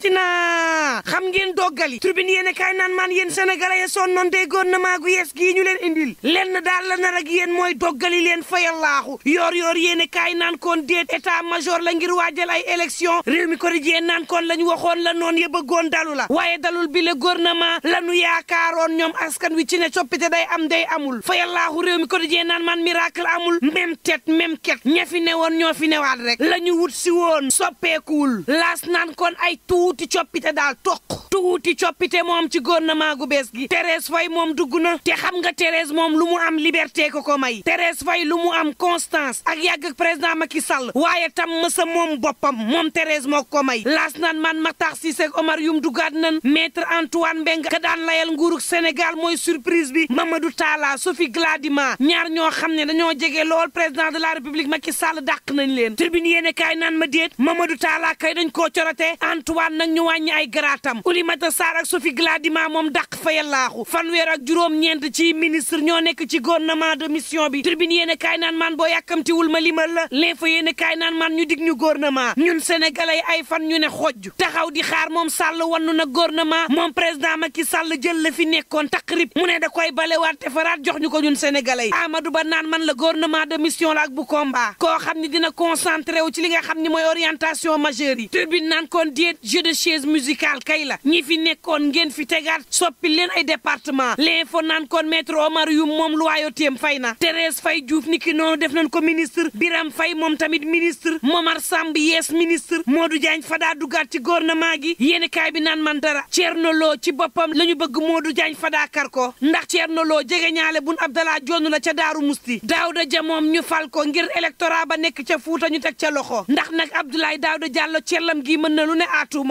yëkkati na xam ngeen doggali tribune yéen kaay naan maan yéen sénégalais ya sonnoon dey gouvernement gu yees gii ñu leen indil lenn daal la nar ak yéen mooy doggali leen fayal laaxu yoor yoor yéen kaay naan koon déet état major la ngir waajal ay élection réew mi quotidien naan koon lañ waxoon la noon ya bëggoon dalu la waaye dalul bi le gouvernement lanu yaakaaroon ñoom askan wi ci ne coppite day am day amul fayal laaxu réew mi quotidien naan maan miracle amul même tête même quête ña fi newoon ñoo fi newaat rek la ñu wut si soppeekuwul tuuti coppite daal toq tuuti coppite moom ci gouvernement gu bees gi Thérèse Faye moom dugg na te xam nga Thérèse moom lu mu am liberté ko ko may Thérèse Faye lu mu am constance ak yàgg ak président Macky Sall waaye tam mësa moom boppam moom Thérèse moo ko may laas naan man ma Cissé ak Omar Youm duggaat nan maître Antoine Mbengue ka daan layal nguurug Sénégal mooy surprise bi ma Mamadou Talla Sophie Gladima ñaar ñoo xam ne dañoo jege lool président de la République Macky Sall dàq nañ leen tribune yéene ma déet Mamadou Talla kay dañ nag ñu wàññi ay garaatam Oulimata Sarr ak Sophie Gladima moom dàq fa yàllaaxu fanweer ak juróom-ñeent ci ministre ñoo nekk ci gouvernement de mission bi tribune yéen a kaay naan maan boo yàkkamtiwul ma limal la l'info yéen a kaay naan maan ñu dig ñu gouvernement ñun sénégalais ay fan ñu ne xojj taxaw di xaar moom Sall wannu na gouvernement moom président ki Sall jël la fi nekkoon taqrib mu ne da koy balewaat defaraat jox ñu ko ñun sénégalais Amadou Ba naan man la gouvernement de mission la ak bu combat koo xam ne dina concentré wu ci li nga xam ne mooy orientation majeure yi de chaise musicale kay la ñi fi nekkoon ngeen fi tegaat soppi leen ay département l'info naan kon maître Omar yu moom lu waayoo fay na Thérèse Faye Diouf ni ki noonu def nañ ko ministre Biram fay moom tamit ministre Momar Samb yees ministre Modou Diagne Fada duggaat ci gouvernement gi yéen bi naan man dara Thierno loo ci boppam la ñu bëgg Modou Diagne Fada kar ko ndax Thierno Lo jege ñaale bun Abdallah Jonn la ca Daaru Musti Daouda Dia moom ñu fal ko ngir électorat ba nekk ca Fuuta ñu teg ca loxo ndax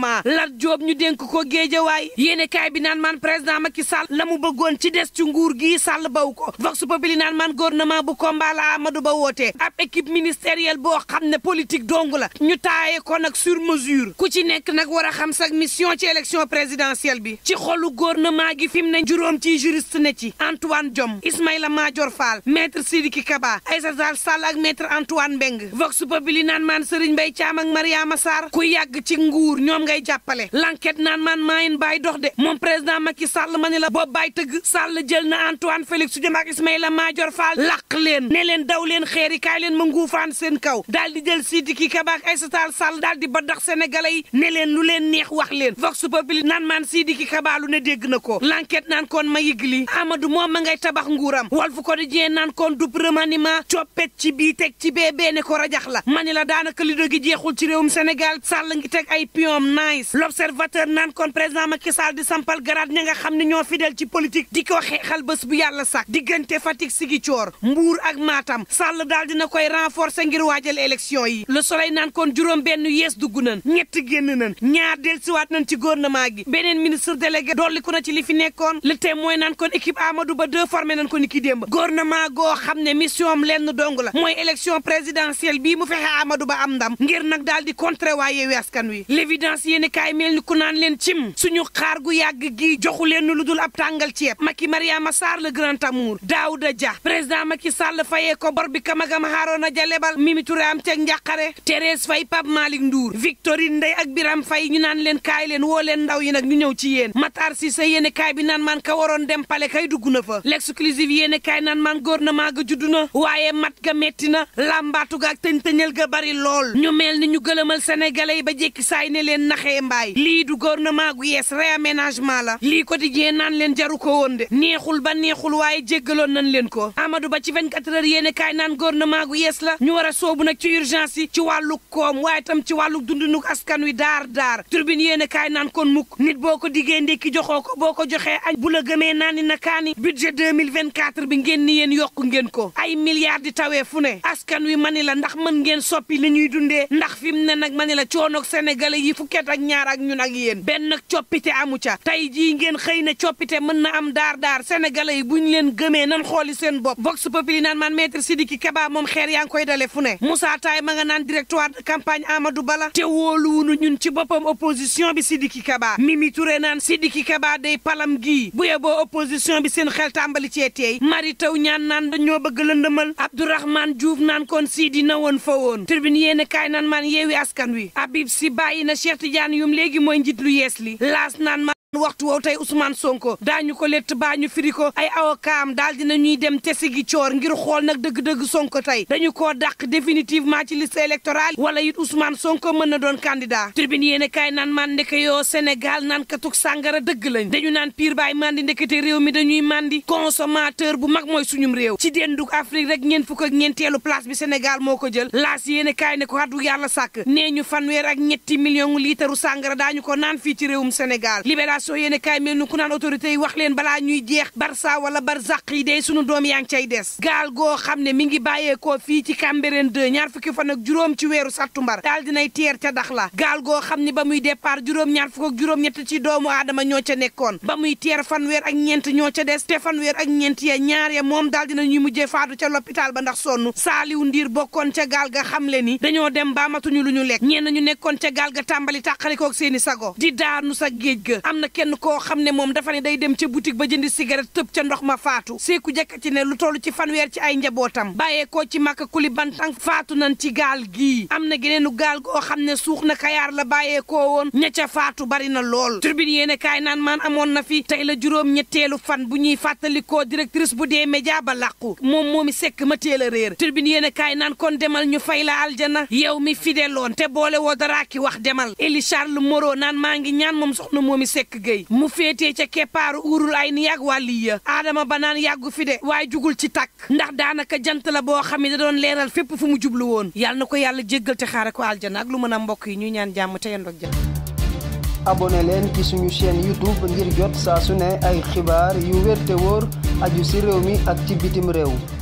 moment Lat Diop ñu dénk ko géejawaay yéene kaay bi naan maan président Macky Sall la mu bëggoon ci des ci nguur gii Sall baw ko vox populi naan maan gouvernement bu combat la Amadou Ba wootee ab équipe ministérielle boo xam ne politique dong la ñu taaye ko nag sur mesure ku ci nekk nag war a xam sax mission ci élection présidentielle bi ci xolu gouvernement gi fi mu ne juróom ci juriste ne ci Antoine Diome Ismaïla Madior Fall maître Sidiki Kaba Aïssata Sall ak maître Antoine Mbeng vox populi naan maan Serigne Mbaye Thiam ak Mariama Sarr ku yàgg ci nguur ñoom ngay jàppale l'enquête naan maan maayen baay dox de moom président Macky Sall ma ne la boobu bay tëgg Sall jël na Antoine su Diome ak Ismaïla Madior Fall làq leen ne leen daw leen xeeri kaay leen ma nguufaan seen kaw daal di jël Sidiki Kaba ay Aïssata Tall Sall daal di ba dox sénégalais yi ne leen lu leen neex wax leen vox populi naan maan Sidiki Kaba lu ne dégg na ko l'enquête naan kon ma yëg li Amadou moom ma ngay tabax nguuram Walf Quotidien naan kon du remaniement coppet ci bii teg ci bee bee ko rajax la ma ne la daanaka li dogi jeexul ci réewum Sénégal Sall ngi teg ay pion nice l'observateur naan kon président Macky Sall di sampal garaat ña nga xam ne ñoo fidèle ci politique di ko xeexal bés bu yàlla sàkk diggante Fatick Ziguinchor Mbour ak Matam Sall daal na koy renforcer ngir waajal élection yi Le Soleil naan kon juróom benn yees dugg nañ ñett génn nañ ñaar dellusiwaat nañ ci gouvernement gi beneen ministre délégué dolli ku na ci li fi nekkoon Le Témoin naan kon équipe Amadou Ba deux formé nañ ko ni ki démb gouvernement goo xam ne mission am lenn dong la mooy élection présidentielle bii mu fexe Amadou Ba am ndam ngir nag daal di contrer waa Yewwi Wi las yéen i kaay mel ni ku naan leen cim suñu xaar yàgg gi joxu leen lu dul ab tàngal ceeb Macky Mariama Sarr le grand amour Daouda Dia président Macky Sall fayee ko bor bi kamagam Harouna Dia lebal Mimi Touré am teg njàqare Thérèse Faye Pape Malick Ndour Victorine Ndeye ak Biram Faye ñu naan leen kaay leen woo leen ndaw yi nag ñu ñëw ci yéen Matar Cissé yéen i bi naan man ka waroon dem pale kay na fa l'exclusive yéen i kaay naan man gouvernement ga judd na waaye mat ga metti na làmbaatu ga ak tëñ-tëñal ga bari lool ñu mel ni ñu gëlëmal sénégalais yi ba jékki saay ne leen naxee mbaay lii du gouvernement gu a réaménagement la lii ko quotidien naan leen jaru ko woon de neexul ba neexul waaye jéggaloon nañ leen ko Amadou Ba ci 24 heures yéene kaay naan gouvernement gu yees la ñu war a soobu nag ci urgence yi ci wàllu koom waaye tam ci wàllu dundinu askan wi daar daar turbin yéene kaay naan kon mukk nit boo ko diggee ndékki joxoo ko boo ko joxee añ bu la gëmee naan ni nakaani budget 2024 bi ngeen ni yéen yokku ngeen ko ay milliards di tawee fu ne askan wi mani la ndax mën ngeen soppi li ñuy dundee ndax fi mu ne nag mani la coonoog sénégalais yi fukket ak ñaar ak ñun ak yéen benn coppite amu ca tey jii xëy na coppite mën na am daar daar sénégalais yi bu ñu leen gëmee nan xooli seen bopp vox populi naan man maître Sidiki Kaba moom xeer yaa ngi koy dale fu ne Moussa Taye ma nga naan directoire de campagne Amadou Bala te wóoluwunu ñun ci boppam opposition bi Sidiki Kaba Mimi Touré naan Sidiki Kaba day palam gii bu yeboo opposition bi seen xel tàmbali cee teey Mary Teuw Niane naan dañoo bëgg lëndëmal Abdourahmane Diouf naan kon Sidi na woon fa woon tribune yéen kaay naan man yeewi askan wi Habib Sy bàyyi na Tidiane yum léegi mooy njiit lu yees li laas waxtu woow tey Ousmane Sonko daañu ko lett baa ñu firi ko ay awokaam daal dina ñuy dem te sigi coor ngir xool nag dëgg-dëgg Sonko tey dañu koo dàq définitivement ci liste électorale wala it Ousmane Sonko mën na doon candidat tribune yéen kaay naan man ndeke yoo Sénégal naan sàngara dëgg lañ dañu naan piir baay màndi mandi te réew mi dañuy mandi consommateur bu mag mooy suñum réew ci denduk Afrique rek ñeent fukk ak ñeenteelu place bi Sénégal moo ko jël laas yéen kaay ne ko xaddu yàlla sàkk nee ñu fanweer ak ñetti million liitaru sàngara daañu ko naan ci réewum Sénégal soo yéen kaay mel ni ku naan autorité yi waxleen leen ñuy jeex barsa wala barzaq yi day suñu doom yaa ngi cay des gaal goo xam ne mi ngi bàyyeekoo fii ci Cambérène ñaar fukki fan ak juróom ci weeru sàttumbar daal dinay teer ca dax la gaal goo xam ne ba muy départ juróom ñaar fukk ak juróom ñett ci doomu aadama ñoo ca nekkoon ba muy teer fanweer ak ñeent ñoo ca des te fanweer ak ñeent ya ñaar ya moom daal dina ñuy mujjee faatu ca l'hôpital ba ndax sonn saaliw ndiir bokkoon ca gaal ga xam le ni dañoo dem baamatuñu lu ñu lekk ñenn ñu nekkoon ca gaal ga tàmbali tàqalikook seeni sago di daanu sa géej ga am na kenn koo xam ne moom dafa ne day dem ca boutique ba jënd cigarette tëb ca ndox ma faatu seeku jakkati ne lu toll ci fanweer ci ay njabootam bàyyeekoo ci màkka kuli bantang faatu nan ci gaal gi am na geneenu gaal goo xam ne suux na kayaar la bàyyeekoo woon ña faatu bari na lool tribune yéene kaay naan maan amoon na fi tey la juróom ñetteelu fan bu ñuy fàttalikoo directrice bu dee média ba làqu moom moomi sekk ma teel a réer tribune yéene kaay naan kon demal ñu fay la aljana yow mi fideloon te boole woo dara ki wax demal Eli Moro naan maa ngi ñaan moom soxna moomi sekk mu féetee ca keppaaru uurul ay ni yàgg wàlli ya aadama ba naan yàggu fi de waaye jugul ci tàkk ndax daanaka jant la boo xam ne da doon leeral fépp fu mu jublu woon yàlla na ko yàlla jéggal te xaare ko aljana ak lu mën a mbokk yi ñuy ñaan jàmm te yendoog jàmm abonné leen ci suñu chaîne youtube ngir jot saa su ne ay xibaar yu wér te wóor aju si réew mi ak ci bitim réew